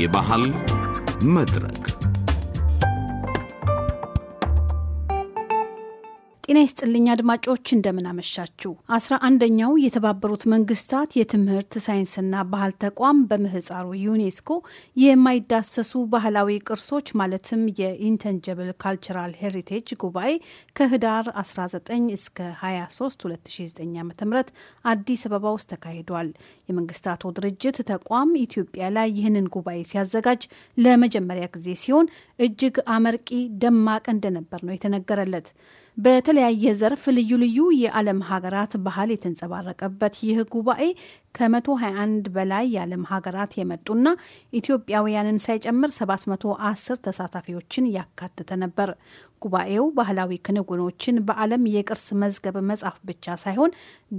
የባህል መድረክ ጤና ይስጥልኝ አድማጮች እንደምን አመሻችሁ። አስራ አንደኛው የተባበሩት መንግስታት የትምህርት ሳይንስና ባህል ተቋም በምህፃሩ ዩኔስኮ የማይዳሰሱ ባህላዊ ቅርሶች ማለትም የኢንተንጀብል ካልቸራል ሄሪቴጅ ጉባኤ ከህዳር 19 እስከ 23 2009 ዓ ም አዲስ አበባ ውስጥ ተካሂዷል። የመንግስታቱ ድርጅት ተቋም ኢትዮጵያ ላይ ይህንን ጉባኤ ሲያዘጋጅ ለመጀመሪያ ጊዜ ሲሆን እጅግ አመርቂ ደማቅ እንደነበር ነው የተነገረለት። በተለያየ ዘርፍ ልዩ ልዩ የዓለም ሀገራት ባህል የተንጸባረቀበት ይህ ጉባኤ ከ121 በላይ የዓለም ሀገራት የመጡና ኢትዮጵያውያንን ሳይጨምር 710 ተሳታፊዎችን ያካተተ ነበር። ጉባኤው ባህላዊ ክንውኖችን በዓለም የቅርስ መዝገብ መጻፍ ብቻ ሳይሆን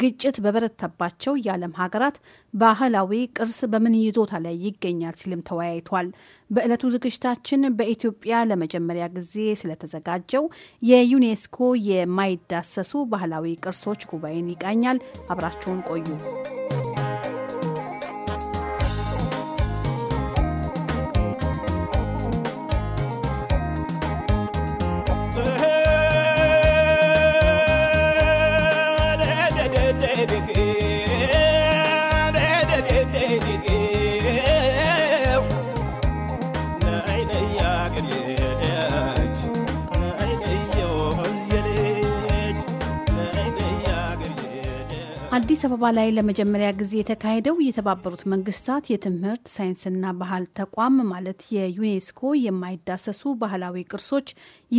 ግጭት በበረተባቸው የዓለም ሀገራት ባህላዊ ቅርስ በምን ይዞታ ላይ ይገኛል ሲልም ተወያይቷል። በዕለቱ ዝግጅታችን በኢትዮጵያ ለመጀመሪያ ጊዜ ስለተዘጋጀው የዩኔስኮ የማይዳሰሱ ባህላዊ ቅርሶች ጉባኤን ይቃኛል። አብራችሁን ቆዩ። አዲስ አበባ ላይ ለመጀመሪያ ጊዜ የተካሄደው የተባበሩት መንግስታት የትምህርት ሳይንስና ባህል ተቋም ማለት የዩኔስኮ የማይዳሰሱ ባህላዊ ቅርሶች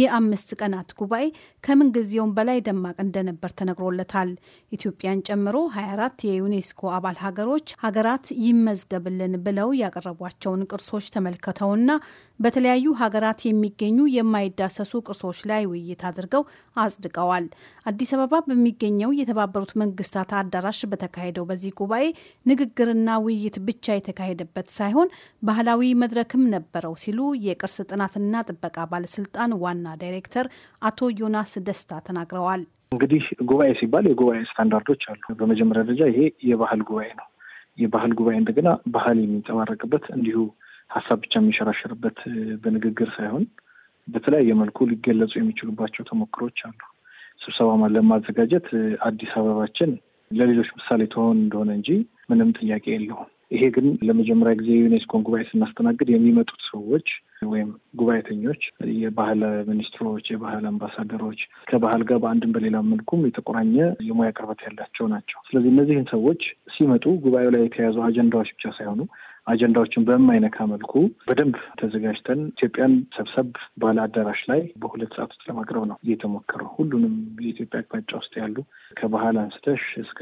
የአምስት ቀናት ጉባኤ ከምንጊዜውም በላይ ደማቅ እንደነበር ተነግሮለታል። ኢትዮጵያን ጨምሮ 24 የዩኔስኮ አባል ሀገሮች ሀገራት ይመዝገብልን ብለው ያቀረቧቸውን ቅርሶች ተመልክተውና በተለያዩ ሀገራት የሚገኙ የማይዳሰሱ ቅርሶች ላይ ውይይት አድርገው አጽድቀዋል። አዲስ አበባ በሚገኘው የተባበሩት መንግስታት አዳራሽ በተካሄደው በዚህ ጉባኤ ንግግርና ውይይት ብቻ የተካሄደበት ሳይሆን ባህላዊ መድረክም ነበረው ሲሉ የቅርስ ጥናትና ጥበቃ ባለስልጣን ዋና ዳይሬክተር አቶ ዮናስ ደስታ ተናግረዋል። እንግዲህ ጉባኤ ሲባል የጉባኤ ስታንዳርዶች አሉ። በመጀመሪያ ደረጃ ይሄ የባህል ጉባኤ ነው። የባህል ጉባኤ እንደገና ባህል የሚንጸባረቅበት እንዲሁ ሀሳብ ብቻ የሚንሸራሸርበት በንግግር ሳይሆን በተለያየ መልኩ ሊገለጹ የሚችሉባቸው ተሞክሮች አሉ። ስብሰባ ለማዘጋጀት አዲስ አበባችን ለሌሎች ምሳሌ ትሆን እንደሆነ እንጂ ምንም ጥያቄ የለውም። ይሄ ግን ለመጀመሪያ ጊዜ ዩኔስኮን ጉባኤ ስናስተናግድ የሚመጡት ሰዎች ወይም ጉባኤተኞች የባህል ሚኒስትሮች፣ የባህል አምባሳደሮች ከባህል ጋር በአንድም በሌላ መልኩም የተቆራኘ የሙያ ቅርበት ያላቸው ናቸው። ስለዚህ እነዚህን ሰዎች ሲመጡ ጉባኤው ላይ የተያዙ አጀንዳዎች ብቻ ሳይሆኑ አጀንዳዎችን በማይነካ መልኩ በደንብ ተዘጋጅተን ኢትዮጵያን ሰብሰብ ባለ አዳራሽ ላይ በሁለት ሰዓት ውስጥ ለማቅረብ ነው የተሞከረው። ሁሉንም የኢትዮጵያ አቅጣጫ ውስጥ ያሉ ከባህል አንስተሽ እስከ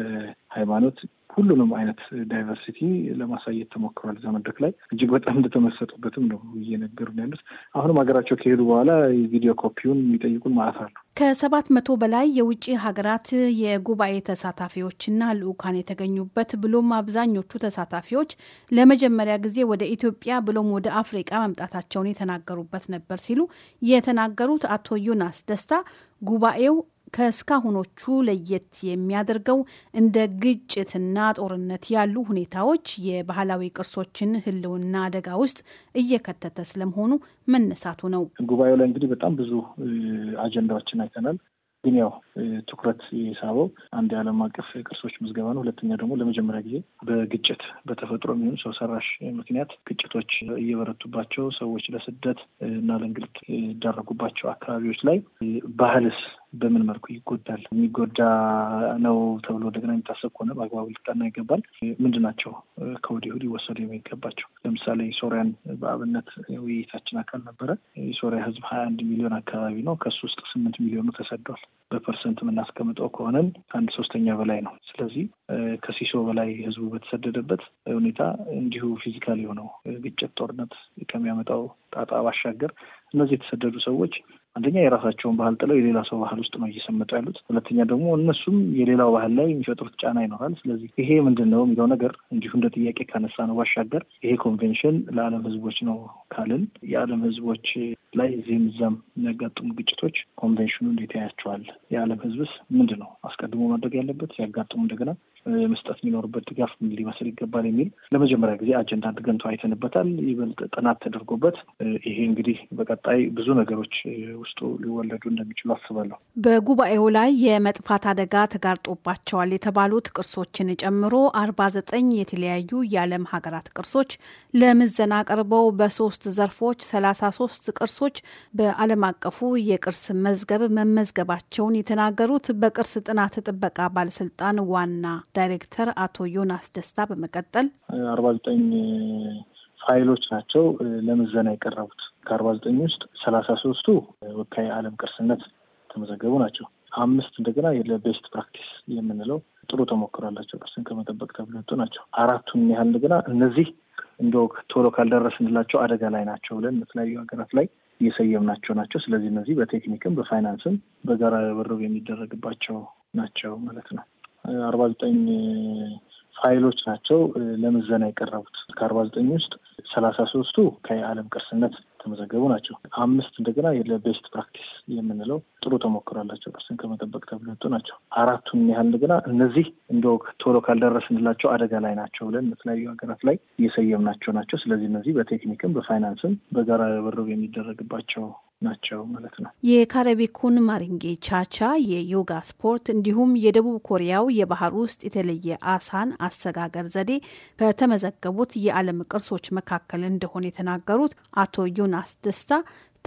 ሃይማኖት ሁሉንም አይነት ዳይቨርሲቲ ለማሳየት ተሞክሯል። እዛ መድረክ ላይ እጅግ በጣም እንደተመሰጡበትም ነው እየነገሩ ያሉት። አሁንም ሀገራቸው ከሄዱ በኋላ የቪዲዮ ኮፒውን የሚጠይቁን ማለት አሉ። ከሰባት መቶ በላይ የውጭ ሀገራት የጉባኤ ተሳታፊዎችና ልዑካን የተገኙበት ብሎም አብዛኞቹ ተሳታፊዎች ለመጀመሪያ ጊዜ ወደ ኢትዮጵያ ብሎም ወደ አፍሪቃ መምጣታቸውን የተናገሩበት ነበር ሲሉ የተናገሩት አቶ ዮናስ ደስታ ጉባኤው ከእስካሁኖቹ ለየት የሚያደርገው እንደ ግጭትና ጦርነት ያሉ ሁኔታዎች የባህላዊ ቅርሶችን ሕልውና አደጋ ውስጥ እየከተተ ስለመሆኑ መነሳቱ ነው። ጉባኤው ላይ እንግዲህ በጣም ብዙ አጀንዳዎችን አይተናል። ግን ያው ትኩረት የሳበው አንድ የዓለም አቀፍ ቅርሶች ምዝገባ ነው። ሁለተኛ ደግሞ ለመጀመሪያ ጊዜ በግጭት በተፈጥሮ የሚሆኑ ሰው ሰራሽ ምክንያት ግጭቶች እየበረቱባቸው ሰዎች ለስደት እና ለእንግልት ይዳረጉባቸው አካባቢዎች ላይ ባህልስ በምን መልኩ ይጎዳል? የሚጎዳ ነው ተብሎ እንደገና የሚታሰብ ከሆነ በአግባቡ ሊጠና ይገባል። ምንድን ናቸው ከወዲሁ ሊወሰዱ የሚገባቸው? ለምሳሌ ሶሪያን በአብነት ውይይታችን አካል ነበረ። የሶሪያ ህዝብ ሀያ አንድ ሚሊዮን አካባቢ ነው። ከሱ ውስጥ ስምንት ሚሊዮኑ ተሰዷል። በፐርሰንት የምናስቀምጠው ከሆነም አንድ ሶስተኛ በላይ ነው። ስለዚህ ከሲሶ በላይ ህዝቡ በተሰደደበት ሁኔታ እንዲሁ ፊዚካል የሆነው ግጭት፣ ጦርነት ከሚያመጣው ጣጣ ባሻገር እነዚህ የተሰደዱ ሰዎች አንደኛ የራሳቸውን ባህል ጥለው የሌላ ሰው ባህል ውስጥ ነው እየሰመጡ ያሉት። ሁለተኛ ደግሞ እነሱም የሌላው ባህል ላይ የሚፈጥሩት ጫና ይኖራል። ስለዚህ ይሄ ምንድን ነው የሚለው ነገር እንዲሁ እንደ ጥያቄ ካነሳ ነው ባሻገር ይሄ ኮንቬንሽን ለዓለም ህዝቦች ነው ካልን የዓለም ህዝቦች ላይ እዚህም እዛም የሚያጋጥሙ ግጭቶች ኮንቬንሽኑ እንዴት ያያቸዋል? የዓለም ህዝብስ ምንድን ነው አስቀድሞ ማድረግ ያለበት? ሲያጋጥሙ እንደገና መስጠት የሚኖርበት ድጋፍ ምን ሊመስል ይገባል የሚል ለመጀመሪያ ጊዜ አጀንዳ አድርገን አይተንበታል። ይበልጥ ጥናት ተደርጎበት ይሄ እንግዲህ በቀጣይ ብዙ ነገሮች ውስጡ ሊወለዱ እንደሚችሉ አስባለሁ። በጉባኤው ላይ የመጥፋት አደጋ ተጋርጦባቸዋል የተባሉት ቅርሶችን ጨምሮ አርባ ዘጠኝ የተለያዩ የዓለም ሀገራት ቅርሶች ለምዘና ቀርበው በሶስት ዘርፎች ሰላሳ ሶስት ቅርሶች በዓለም አቀፉ የቅርስ መዝገብ መመዝገባቸውን የተናገሩት በቅርስ ጥናት ጥበቃ ባለስልጣን ዋና ዳይሬክተር አቶ ዮናስ ደስታ በመቀጠል አርባ ዘጠኝ ፋይሎች ናቸው ለምዘና የቀረቡት ከአርባ ዘጠኝ ውስጥ ሰላሳ ሶስቱ ወካይ ዓለም ቅርስነት ተመዘገቡ ናቸው። አምስት እንደገና ለቤስት ፕራክቲስ የምንለው ጥሩ ተሞክሮ ቅርስን ከመጠበቅ ተብሎ ናቸው። አራቱን ያህል እንደገና እነዚህ እንደ ቶሎ ካልደረስንላቸው አደጋ ላይ ናቸው ብለን በተለያዩ ሀገራት ላይ እየሰየምናቸው ናቸው። ስለዚህ እነዚህ በቴክኒክም በፋይናንስም በጋራ ርብርብ የሚደረግባቸው ናቸው ማለት ነው። አርባ ዘጠኝ ፋይሎች ናቸው ለምዘና የቀረቡት። ከአርባ ዘጠኝ ውስጥ ሰላሳ ሶስቱ ከዓለም ቅርስነት የተመዘገቡ ናቸው። አምስት እንደገና ለቤስት ፕራክቲስ የምንለው ጥሩ ተሞክሮ ያላቸው ቅርስን ከመጠበቅ ተብሎ የወጡ ናቸው። አራቱን ያህል እንደገና እነዚህ እንደ ቶሎ ካልደረስንላቸው አደጋ ላይ ናቸው ብለን በተለያዩ ሀገራት ላይ እየሰየምናቸው ናቸው። ስለዚህ እነዚህ በቴክኒክም በፋይናንስም በጋራ ርብርብ የሚደረግባቸው ናቸው ማለት ነው። የካረቢኩን ማሪንጌ ቻቻ የዮጋ ስፖርት እንዲሁም የደቡብ ኮሪያው የባህር ውስጥ የተለየ አሳን አሰጋገር ዘዴ ከተመዘገቡት የዓለም ቅርሶች መካከል እንደሆነ የተናገሩት አቶ ዮናስ ደስታ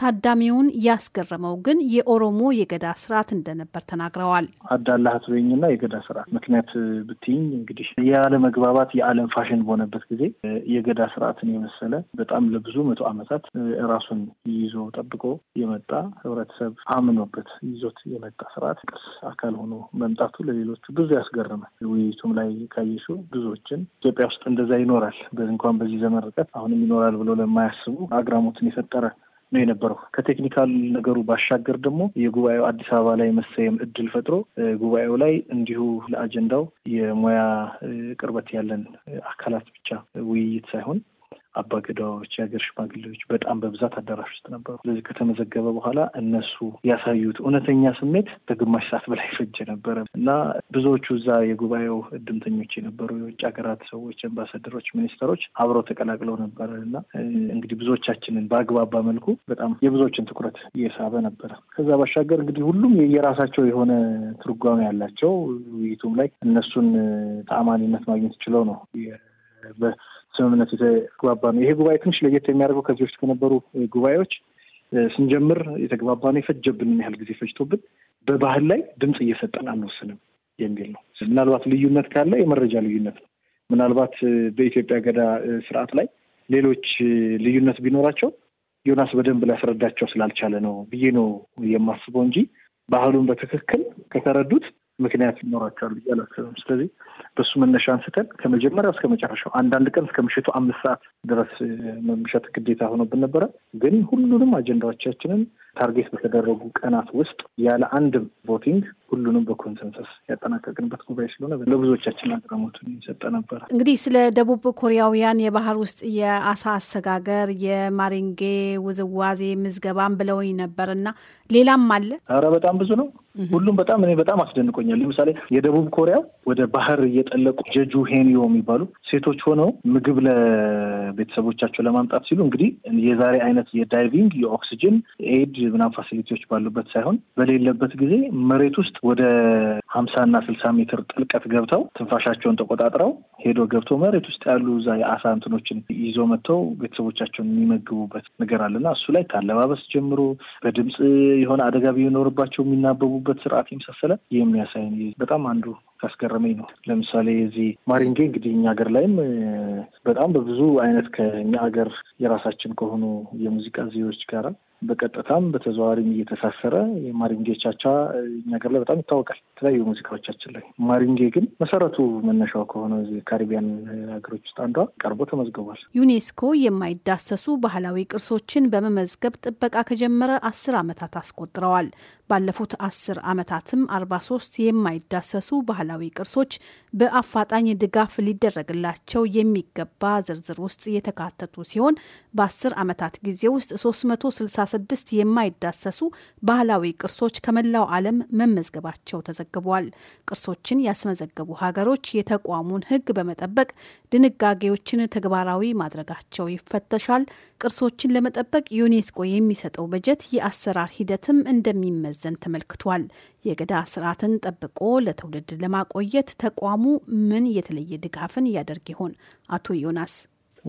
ታዳሚውን ያስገረመው ግን የኦሮሞ የገዳ ስርዓት እንደነበር ተናግረዋል። አዳላህ አትበይኝና የገዳ ስርዓት ምክንያት ብትይኝ እንግዲህ የአለመግባባት የዓለም ፋሽን በሆነበት ጊዜ የገዳ ስርዓትን የመሰለ በጣም ለብዙ መቶ ዓመታት ራሱን ይዞ ጠብቆ የመጣ ህብረተሰብ አምኖበት ይዞት የመጣ ስርዓት ቅርስ አካል ሆኖ መምጣቱ ለሌሎቹ ብዙ ያስገረመ። ውይይቱም ላይ ካየሱ ብዙዎችን ኢትዮጵያ ውስጥ እንደዛ ይኖራል እንኳን በዚህ ዘመን ርቀት አሁንም ይኖራል ብሎ ለማያስቡ አግራሞትን የፈጠረ ነው የነበረው። ከቴክኒካል ነገሩ ባሻገር ደግሞ የጉባኤው አዲስ አበባ ላይ መሰየም እድል ፈጥሮ ጉባኤው ላይ እንዲሁ ለአጀንዳው የሙያ ቅርበት ያለን አካላት ብቻ ውይይት ሳይሆን አባገዳዎች፣ የሀገር ሽማግሌዎች በጣም በብዛት አዳራሽ ውስጥ ነበሩ። ስለዚህ ከተመዘገበ በኋላ እነሱ ያሳዩት እውነተኛ ስሜት ከግማሽ ሰዓት በላይ ፈጀ ነበረ እና ብዙዎቹ እዛ የጉባኤው እድምተኞች የነበሩ የውጭ ሀገራት ሰዎች፣ አምባሳደሮች፣ ሚኒስተሮች አብረው ተቀላቅለው ነበረ እና እንግዲህ ብዙዎቻችንን በአግባባ መልኩ በጣም የብዙዎችን ትኩረት እየሳበ ነበረ። ከዛ ባሻገር እንግዲህ ሁሉም የራሳቸው የሆነ ትርጓሜ ያላቸው ውይይቱም ላይ እነሱን ተአማኒነት ማግኘት ችለው ነው ስምምነት የተግባባ ነው። ይሄ ጉባኤ ትንሽ ለየት የሚያደርገው ከዚህ በፊት ከነበሩ ጉባኤዎች ስንጀምር የተግባባ ነው። የፈጀብንን ያህል ጊዜ ፈጅቶብን በባህል ላይ ድምፅ እየሰጠን አንወስንም የሚል ነው። ምናልባት ልዩነት ካለ የመረጃ ልዩነት ነው። ምናልባት በኢትዮጵያ ገዳ ስርዓት ላይ ሌሎች ልዩነት ቢኖራቸው ዮናስ በደንብ ሊያስረዳቸው ስላልቻለ ነው ብዬ ነው የማስበው እንጂ ባህሉን በትክክል ከተረዱት ምክንያት ይኖራቸዋል ብዬ አላስብም። ስለዚህ በሱ መነሻ አንስተን ከመጀመሪያ እስከ መጨረሻው አንዳንድ ቀን እስከ ምሽቱ አምስት ሰዓት ድረስ መምሸት ግዴታ ሆኖብን ነበረ። ግን ሁሉንም አጀንዳዎቻችንን ታርጌት በተደረጉ ቀናት ውስጥ ያለ አንድ ቮቲንግ ሁሉንም በኮንሰንሰስ ያጠናቀቅንበት ጉባኤ ስለሆነ ለብዙዎቻችን አግራሞቱን ይሰጠ ነበር። እንግዲህ ስለ ደቡብ ኮሪያውያን የባህር ውስጥ የአሳ አሰጋገር፣ የማሪንጌ ውዝዋዜ ምዝገባን ብለውኝ ነበር እና ሌላም አለ። ኧረ በጣም ብዙ ነው። ሁሉም በጣም እኔ በጣም አስደንቆኛል። ለምሳሌ የደቡብ ኮሪያ ወደ ባህር እየጠለቁ ጀጁ ሄንዮ የሚባሉ ሴቶች ሆነው ምግብ ለቤተሰቦቻቸው ለማምጣት ሲሉ እንግዲህ የዛሬ አይነት የዳይቪንግ የኦክሲጅን ኤድ ምናምን ፋሲሊቲዎች ባሉበት ሳይሆን በሌለበት ጊዜ መሬት ውስጥ ወደ እና ስልሳ ሜትር ጥልቀት ገብተው ትንፋሻቸውን ተቆጣጥረው ሄዶ ገብተው መሬት ውስጥ ያሉ እዛ የአሳ እንትኖችን ይዞ መጥተው ቤተሰቦቻቸውን የሚመግቡበት ነገር አለና እሱ ላይ ካለባበስ ጀምሮ በድምፅ የሆነ አደጋ ቢኖርባቸው የሚናበቡበት ስርዓት የመሳሰለ የሚያሳይ በጣም አንዱ ያስገረመኝ ነው። ለምሳሌ እዚህ ማሪንጌ እንግዲህ እኛ ሀገር ላይም በጣም በብዙ አይነት ከኛ ሀገር የራሳችን ከሆኑ የሙዚቃ ዜዎች ጋር በቀጥታም በተዘዋዋሪም እየተሳሰረ የማሪንጌ ቻቻ እኛ ሀገር ላይ በጣም ይታወቃል፣ የተለያዩ ሙዚቃዎቻችን ላይ። ማሪንጌ ግን መሰረቱ መነሻው ከሆነ ካሪቢያን ሀገሮች ውስጥ አንዷ ቀርቦ ተመዝግቧል። ዩኔስኮ የማይዳሰሱ ባህላዊ ቅርሶችን በመመዝገብ ጥበቃ ከጀመረ አስር ዓመታት አስቆጥረዋል። ባለፉት አስር ዓመታትም አርባ ሶስት የማይዳሰሱ ባህላዊ ባህላዊ ቅርሶች በአፋጣኝ ድጋፍ ሊደረግላቸው የሚገባ ዝርዝር ውስጥ የተካተቱ ሲሆን በአስር ዓመታት ጊዜ ውስጥ 366 የማይዳሰሱ ባህላዊ ቅርሶች ከመላው ዓለም መመዝገባቸው ተዘግቧል። ቅርሶችን ያስመዘገቡ ሀገሮች የተቋሙን ሕግ በመጠበቅ ድንጋጌዎችን ተግባራዊ ማድረጋቸው ይፈተሻል። ቅርሶችን ለመጠበቅ ዩኔስኮ የሚሰጠው በጀት የአሰራር ሂደትም እንደሚመዘን ተመልክቷል። የገዳ ስርዓትን ጠብቆ ለትውልድ ለማ ለማቆየት ተቋሙ ምን የተለየ ድጋፍን እያደርግ ይሆን? አቶ ዮናስ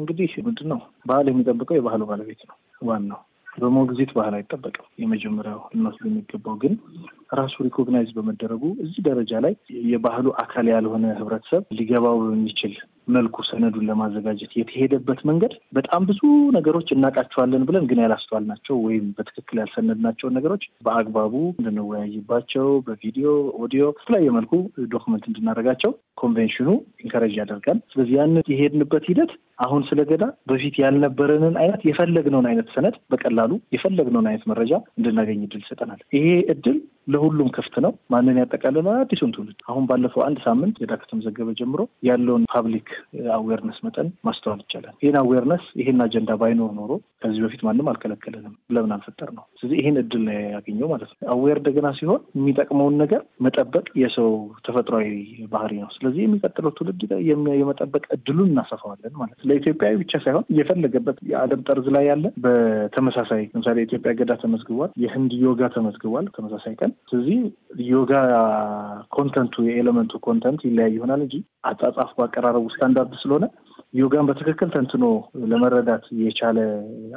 እንግዲህ ምንድን ነው ባህል የሚጠብቀው የባህሉ ባለቤት ነው ዋናው በሞግዚት ባህል አይጠበቅም። የመጀመሪያው ልንወስድ የሚገባው ግን ራሱ ሪኮግናይዝ በመደረጉ እዚህ ደረጃ ላይ የባህሉ አካል ያልሆነ ህብረተሰብ ሊገባው በሚችል መልኩ ሰነዱን ለማዘጋጀት የተሄደበት መንገድ በጣም ብዙ ነገሮች እናውቃቸዋለን ብለን ግን ያላስተዋልናቸው ወይም በትክክል ያልሰነድናቸውን ነገሮች በአግባቡ እንድንወያይባቸው በቪዲዮ፣ ኦዲዮ በተለያየ መልኩ ዶክመንት እንድናደርጋቸው ኮንቬንሽኑ ኢንከረጅ ያደርጋል። ስለዚህ ያን የሄድንበት ሂደት አሁን ስለ ገዳ በፊት ያልነበረንን አይነት የፈለግነውን አይነት ሰነድ በቀላሉ የፈለግነውን አይነት መረጃ እንድናገኝ እድል ይሰጠናል። ይሄ እድል ለሁሉም ክፍት ነው። ማንን ያጠቃልላል? አዲሱን ትውልድ። አሁን ባለፈው አንድ ሳምንት የዳ ከተመዘገበ ጀምሮ ያለውን ፓብሊክ አዌርነስ መጠን ማስተዋል ይቻላል። ይህን አዌርነስ ይህን አጀንዳ ባይኖር ኖሮ ከዚህ በፊት ማንም አልከለከለንም፣ ለምን አልፈጠር ነው። ስለዚህ ይህን እድል ነው ያገኘው ማለት ነው። አዌር እንደገና ሲሆን የሚጠቅመውን ነገር መጠበቅ የሰው ተፈጥሯዊ ባህሪ ነው። ስለዚህ የሚቀጥለው ትውልድ የመጠበቅ እድሉን እናሰፋዋለን ማለት ነው። ለኢትዮጵያዊ ብቻ ሳይሆን እየፈለገበት የዓለም ጠርዝ ላይ ያለ በተመሳሳይ ለምሳሌ ኢትዮጵያ ገዳ ተመዝግቧል፣ የህንድ ዮጋ ተመዝግቧል ተመሳሳይ ቀን እዚህ ዮጋ ኮንተንቱ የኤለመንቱ ኮንተንት ይለያይ ይሆናል እንጂ አጻጻፍ በአቀራረቡ ስታንዳርድ ስለሆነ ዮጋን በትክክል ተንትኖ ለመረዳት የቻለ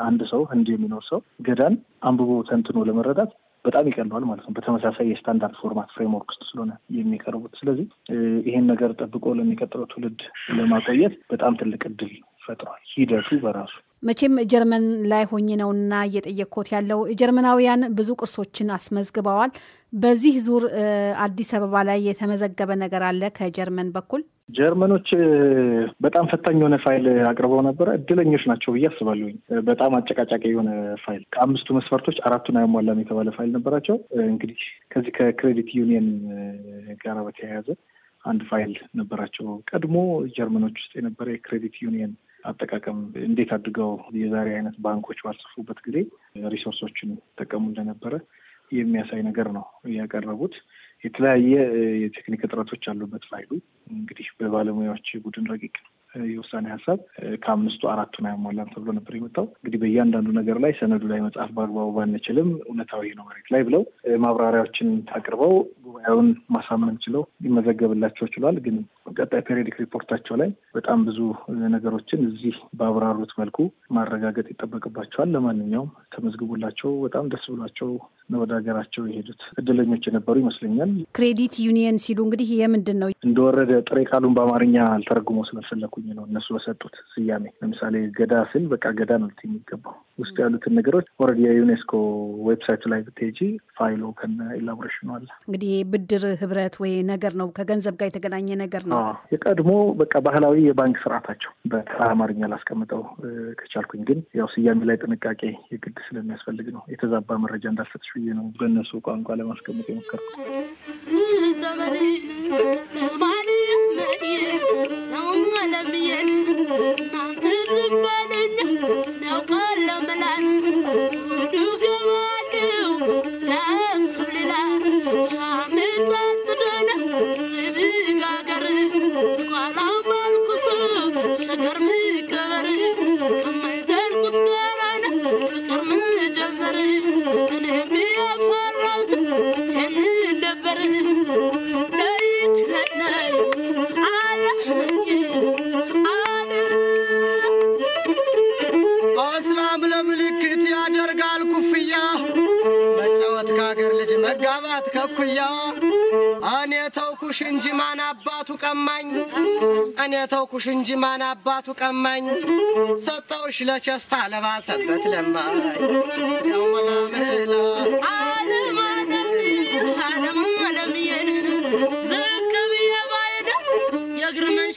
አንድ ሰው ህንድ የሚኖር ሰው ገዳን አንብቦ ተንትኖ ለመረዳት በጣም ይቀለዋል ማለት ነው። በተመሳሳይ የስታንዳርድ ፎርማት ፍሬምወርክ ውስጥ ስለሆነ የሚቀርቡት። ስለዚህ ይሄን ነገር ጠብቆ ለሚቀጥለው ትውልድ ለማቆየት በጣም ትልቅ እድል ፈጥሯል ሂደቱ በራሱ መቼም ጀርመን ላይ ሆኜ ነውና እየጠየቅኩት ያለው ጀርመናውያን ብዙ ቅርሶችን አስመዝግበዋል። በዚህ ዙር አዲስ አበባ ላይ የተመዘገበ ነገር አለ ከጀርመን በኩል? ጀርመኖች በጣም ፈታኝ የሆነ ፋይል አቅርበው ነበረ። እድለኞች ናቸው ብዬ አስባለሁኝ። በጣም አጨቃጫቂ የሆነ ፋይል ከአምስቱ መስፈርቶች አራቱን አያሟላም የተባለ ፋይል ነበራቸው። እንግዲህ ከዚህ ከክሬዲት ዩኒየን ጋር በተያያዘ አንድ ፋይል ነበራቸው። ቀድሞ ጀርመኖች ውስጥ የነበረ የክሬዲት ዩኒየን አጠቃቀም እንዴት አድርገው የዛሬ አይነት ባንኮች ባልጽፉበት ጊዜ ሪሶርሶችን ጠቀሙ እንደነበረ የሚያሳይ ነገር ነው ያቀረቡት። የተለያየ የቴክኒክ እጥረቶች አሉበት ፋይሉ። እንግዲህ በባለሙያዎች ቡድን ረቂቅ የውሳኔ ሀሳብ ከአምስቱ አራቱን አያሟላም ተብሎ ነበር የመጣው። እንግዲህ በእያንዳንዱ ነገር ላይ ሰነዱ ላይ መጽሐፍ በአግባቡ ባንችልም እውነታዊ ነው መሬት ላይ ብለው ማብራሪያዎችን አቅርበው ጉባኤውን ማሳመን ችለው ሊመዘገብላቸው ችሏል። ግን ቀጣይ ፔሪዮዲክ ሪፖርታቸው ላይ በጣም ብዙ ነገሮችን እዚህ ባብራሩት መልኩ ማረጋገጥ ይጠበቅባቸዋል። ለማንኛውም ተመዝግቡላቸው በጣም ደስ ብሏቸው ነው ወደ ሀገራቸው የሄዱት። እድለኞች የነበሩ ይመስለኛል። ክሬዲት ዩኒየን ሲሉ እንግዲህ የምንድን ነው እንደወረደ ጥሬ ቃሉን በአማርኛ አልተረጉመው ስለፈለኩኝ ነው እነሱ በሰጡት ስያሜ። ለምሳሌ ገዳ ስል በቃ ገዳ ነው የሚገባው ውስጥ ያሉትን ነገሮች ኦልሬዲ የዩኔስኮ ዌብሳይቱ ላይ ብትሄጂ ፋይሎ ከነ ኢላቦሬሽኑ አለ። እንግዲህ ብድር ህብረት ወይ ነገር ነው ከገንዘብ ጋር የተገናኘ ነገር ነው። የቀድሞ በቃ ባህላዊ የባንክ ስርዓታቸው በተራ አማርኛ ላስቀምጠው ከቻልኩኝ፣ ግን ያው ስያሜ ላይ ጥንቃቄ የግድ ስለሚያስፈልግ ነው የተዛባ መረጃ እንዳልሰጥሽ ብዬ ነው በእነሱ ቋንቋ ለማስቀመጥ የሞከርኩ። I'm love you. ተውኩሽ እንጂ ማን አባቱ ቀማኝ፣ እኔ ተውኩሽ እንጂ ማን አባቱ ቀማኝ። ሰጠውሽ ለቸስታ ለባሰበት ለማኝ ነው መላምላ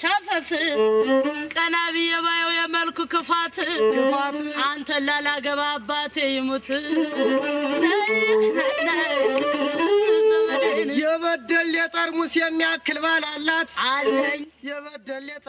ሸፈፍ ቀና ብዬ ባየው የመልኩ ክፋት አንተ ላላገባ አባቴ ይሙት የበደሌ ጠርሙስ የሚያክል ባል አላት አለኝ።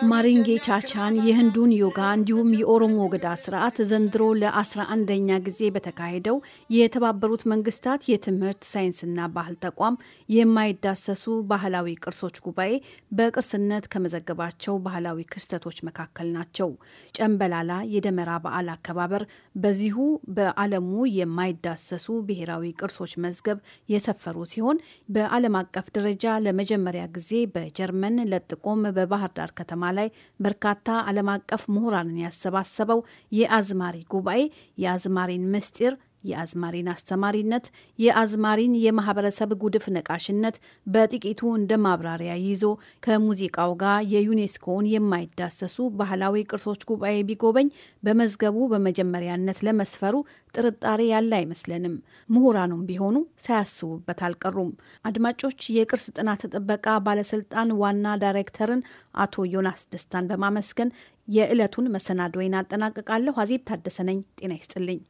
ማሪንጌ ቻቻን የህንዱን ዮጋ እንዲሁም የኦሮሞ ገዳ ስርዓት ዘንድሮ ለ11ኛ ጊዜ በተካሄደው የተባበሩት መንግስታት የትምህርት ሳይንስና ባህል ተቋም የማይዳሰሱ ባህላዊ ቅርሶች ጉባኤ በቅርስነት ከመዘገባቸው ባህላዊ ክስተቶች መካከል ናቸው። ጨምበላላ የደመራ በዓል አከባበር በዚሁ በዓለሙ የማይዳሰሱ ብሔራዊ ቅርሶች መዝገብ የሰፈሩ ሲሆን በዓለም አቀፍ ደረጃ ለመጀመሪያ ጊዜ በጀርመን ለጥቆም በባህር ዳር ከተማ ላይ በርካታ ዓለም አቀፍ ምሁራንን ያሰባሰበው የአዝማሪ ጉባኤ የአዝማሪን ምስጢር የአዝማሪን አስተማሪነት፣ የአዝማሪን የማህበረሰብ ጉድፍ ነቃሽነት በጥቂቱ እንደ ማብራሪያ ይዞ ከሙዚቃው ጋር የዩኔስኮውን የማይዳሰሱ ባህላዊ ቅርሶች ጉባኤ ቢጎበኝ በመዝገቡ በመጀመሪያነት ለመስፈሩ ጥርጣሬ ያለ አይመስለንም። ምሁራኑም ቢሆኑ ሳያስቡበት አልቀሩም። አድማጮች፣ የቅርስ ጥናት ጥበቃ ባለስልጣን ዋና ዳይሬክተርን አቶ ዮናስ ደስታን በማመስገን የዕለቱን መሰናዶዬን አጠናቅቃለሁ። አዜብ ታደሰ ነኝ። ጤና ይስጥልኝ።